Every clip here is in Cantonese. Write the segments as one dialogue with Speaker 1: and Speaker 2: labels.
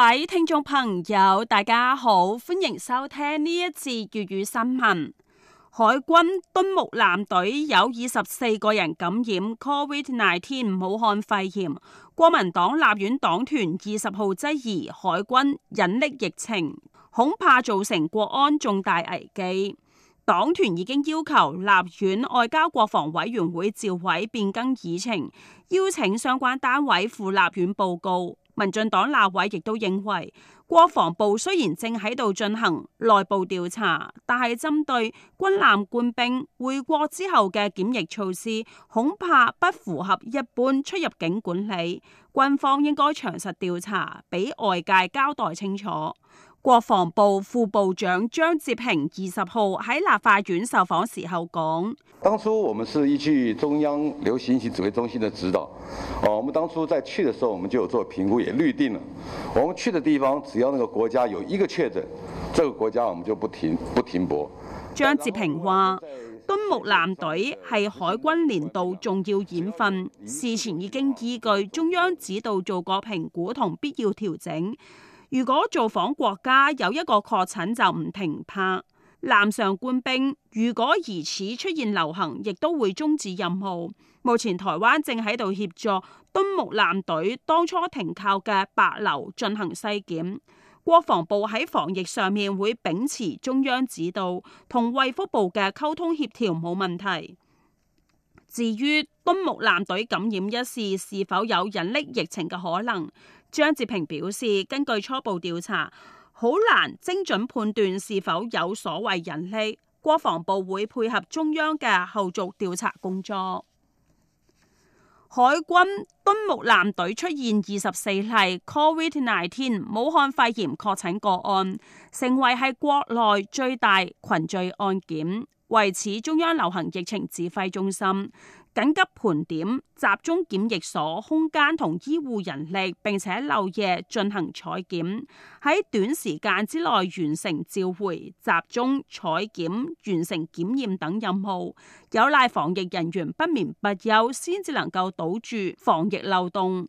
Speaker 1: 各位聽眾朋友，大家好，歡迎收聽呢一節粵語新聞。海軍敦睦艦隊有二十四個人感染 COVID-19 武漢肺炎。國民黨立院黨團二十號質疑海軍隱匿疫情，恐怕造成國安重大危機。黨團已經要求立院外交國防委員會召委變更議程，邀請相關單位赴立院報告。民進黨立委亦都認為，國防部雖然正喺度進行內部調查，但係針對軍艦官兵回國之後嘅檢疫措施，恐怕不符合一般出入境管理。軍方應該詳實調查，俾外界交代清楚。國防部副部長張哲平二十號喺立法院受訪時候講：當初我們是依據中央流行病指揮中心的指導，哦，我們當初在去的時候，我們就有做評估，也預定了。我們去的地方，只要那個國家有一個確診，這個國家我們就不停不停泊。張哲平話：敦睦艦隊係海軍年度重要演訓，事前已經依據中央指導做過評估同必要調整。如果造訪國家有一個確診就唔停泊，艦上官兵如果疑似出現流行，亦都會終止任務。目前台灣正喺度協助敦睦艦隊當初停靠嘅帛琉進行篩檢。國防部喺防疫上面會秉持中央指導，同衛福部嘅溝通協調冇問題。至於敦睦艦隊感染一事是否有隱匿疫情嘅可能？張哲平表示，根據初步調查，好難精準判斷是否有所謂隱匿。國防部會配合中央嘅後續調查工作。海軍敦睦艦隊出現二十四例 COVID-19 武漢肺炎確診個案，成為係國內最大群聚案件。為此，中央流行疫情指揮中心緊急盤點集中檢疫所空間同醫護人力，並且漏夜進行採檢，喺短時間之內完成召回、集中採檢、完成檢驗等任務，有賴防疫人員不眠不休，先至能夠堵住防疫漏洞。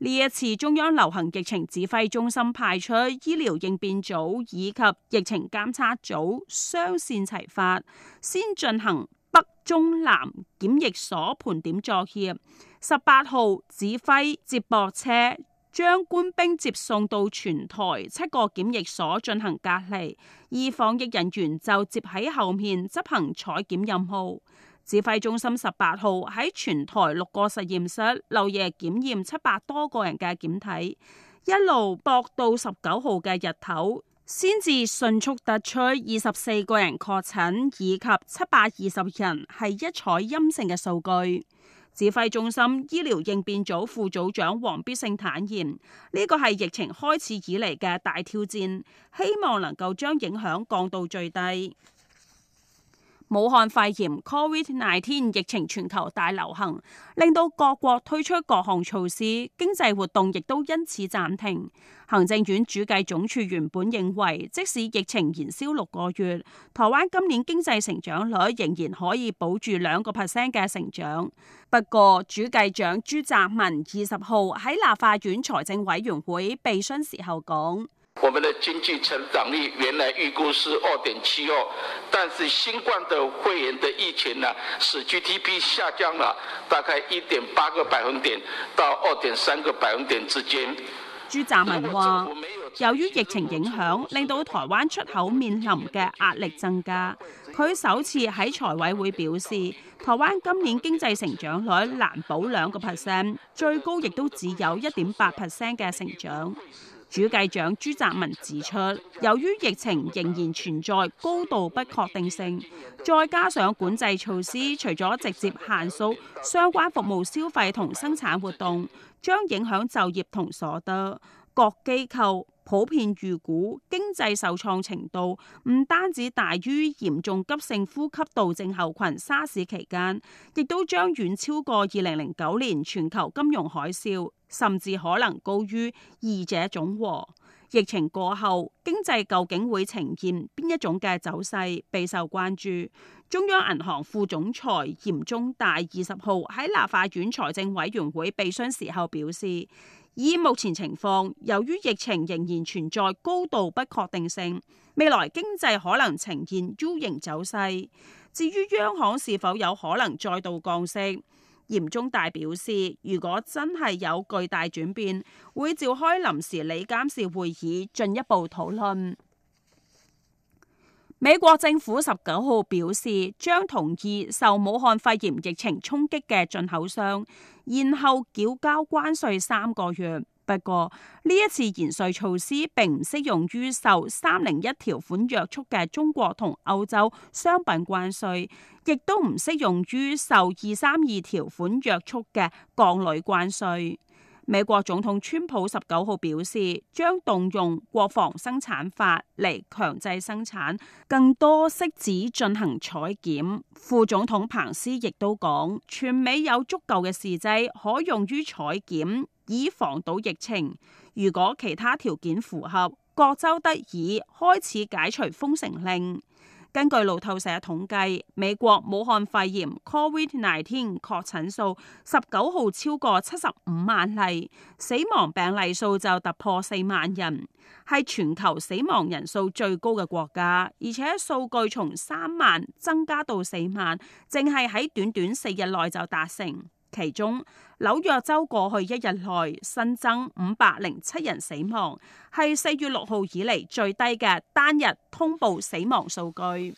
Speaker 1: 呢一次中央流行疫情指揮中心派出醫療應變組以及疫情監測組雙線齊發，先進行北中南檢疫所盤點作業，十八號指揮接駁車將官兵接送到全台七個檢疫所進行隔離，而防疫人員就接喺後面執行採檢任務。指揮中心十八號喺全台六個實驗室漏夜檢驗七百多個人嘅檢體，一路博到十九號嘅日頭，先至迅速突出二十四個人確診，以及七百二十人係一採陰性嘅數據。指揮中心醫療應變組副組長王必勝坦言，呢個係疫情開始以嚟嘅大挑戰，希望能夠將影響降到最低。武漢肺炎 （COVID-19） 疫情全球大流行，令到各國推出各項措施，經濟活動亦都因此暫停。行政院主計總處原本認為，即使疫情延燒六個月，台灣今年經濟成長率仍然可以保住兩個 percent 嘅成長。不過，主計長朱澤民二十號喺立法院財政委員會備詢時候講。我們的經濟成長率原來預估是二點七二，但是新冠的肺炎的疫情呢、啊，使 GDP 下降了大概一點八個百分點到二點三個百分點之間。朱澤民話：由於疫情影響，令到台灣出口面臨嘅壓力增加。佢首次喺財委會表示，台灣今年經濟成長率難保兩個 percent，最高亦都只有一點八 percent 嘅成長。主計長朱澤民指出，由於疫情仍然存在高度不確定性，再加上管制措施，除咗直接限縮相關服務消費同生產活動，將影響就業同所得。各機構普遍預估經濟受創程度唔單止大於嚴重急性呼吸道症候群沙士期間，亦都將遠超過二零零九年全球金融海嘯，甚至可能高於二者總和。疫情過後經濟究竟會呈現邊一種嘅走勢，備受關注。中央銀行副總裁嚴中大二十號喺立法院財政委員會備詢時候表示，以目前情況，由於疫情仍然存在高度不確定性，未來經濟可能呈現 U 型走勢。至於央行是否有可能再度降息，嚴宗大表示，如果真係有巨大轉變，會召開臨時理監事會議進一步討論。美國政府十九號表示，將同意受武漢肺炎疫情衝擊嘅進口商，然後繳交關稅三個月。不過，呢一次延稅措施並唔適用於受三零一條款約束嘅中國同歐洲商品關稅，亦都唔適用於受二三二條款約束嘅鋼鋁關稅。美國總統川普十九號表示，將動用國防生產法嚟強制生產更多拭子進行採檢。副總統彭斯亦都講，全美有足夠嘅試劑可用於採檢，以防堵疫情。如果其他條件符合，各州得以開始解除封城令。根據路透社統計，美國武漢肺炎 （Covid-19） 確診數十九號超過七十五萬例，死亡病例數就突破四萬人，係全球死亡人數最高嘅國家，而且數據從三萬增加到四萬，淨係喺短短四日內就達成。其中，紐約州過去一日內新增五百零七人死亡，係四月六號以嚟最低嘅單日通報死亡數據。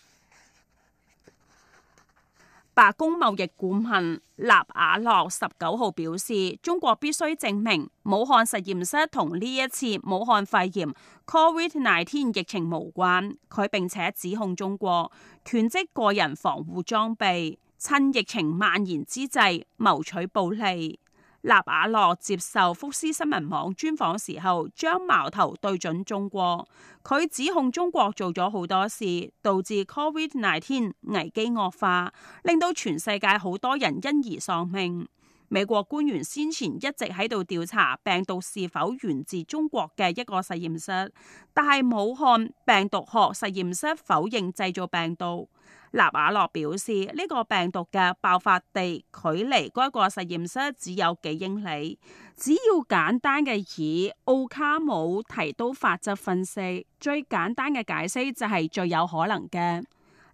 Speaker 1: 白宮貿易顧問納瓦洛十九號表示，中國必須證明武漢實驗室同呢一次武漢肺炎 （COVID-19） 疫情無關。佢並且指控中國囤積個人防護裝備。趁疫情蔓延之際牟取暴利，納瓦洛接受福斯新聞網專訪時候，將矛頭對準中國。佢指控中國做咗好多事，導致 Covid-19 危機惡化，令到全世界好多人因而喪命。美國官員先前一直喺度調查病毒是否源自中國嘅一個實驗室，但係武漢病毒學實驗室否認製造病毒。納瓦洛表示，呢、這個病毒嘅爆發地距離該個實驗室只有幾英里，只要簡單嘅以奧卡姆剃刀法則分析，最簡單嘅解釋就係最有可能嘅。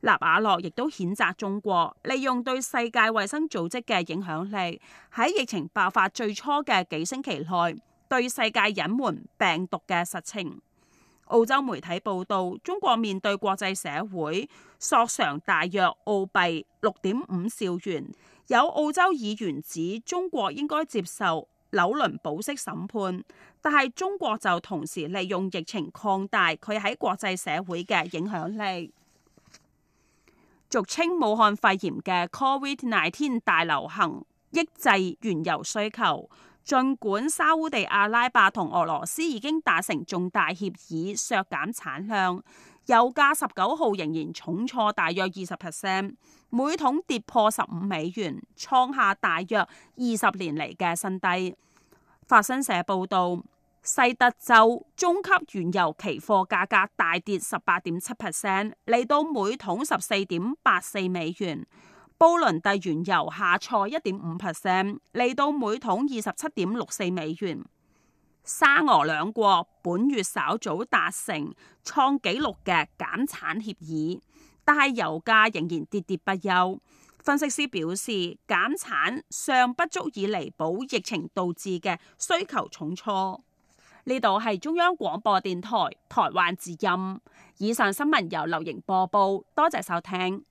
Speaker 1: 納瓦洛亦都譴責中國利用對世界衛生組織嘅影響力，喺疫情爆發最初嘅幾星期內對世界隱瞞病毒嘅實情。澳洲媒體報道，中國面對國際社會索償大約澳幣六點五兆元。有澳洲議員指中國應該接受紐倫堡式審判，但係中國就同時利用疫情擴大佢喺國際社會嘅影響力。俗稱武漢肺炎嘅 Covid-19 大流行抑制原油需求。儘管沙烏地阿拉伯同俄羅斯已經達成重大協議削減產量，油價十九號仍然重挫大約二十 percent，每桶跌破十五美元，創下大約二十年嚟嘅新低。法新社報道，西德州中級原油期貨價格大跌十八點七 percent，嚟到每桶十四點八四美元。布倫特原油下挫一點五 percent，嚟到每桶二十七點六四美元。沙俄兩國本月稍早達成創紀錄嘅減產協議，但係油價仍然跌跌不休。分析師表示，減產尚不足以彌補疫情導致嘅需求重挫。呢度係中央廣播電台台灣之音。以上新聞由劉瑩播報，多謝收聽。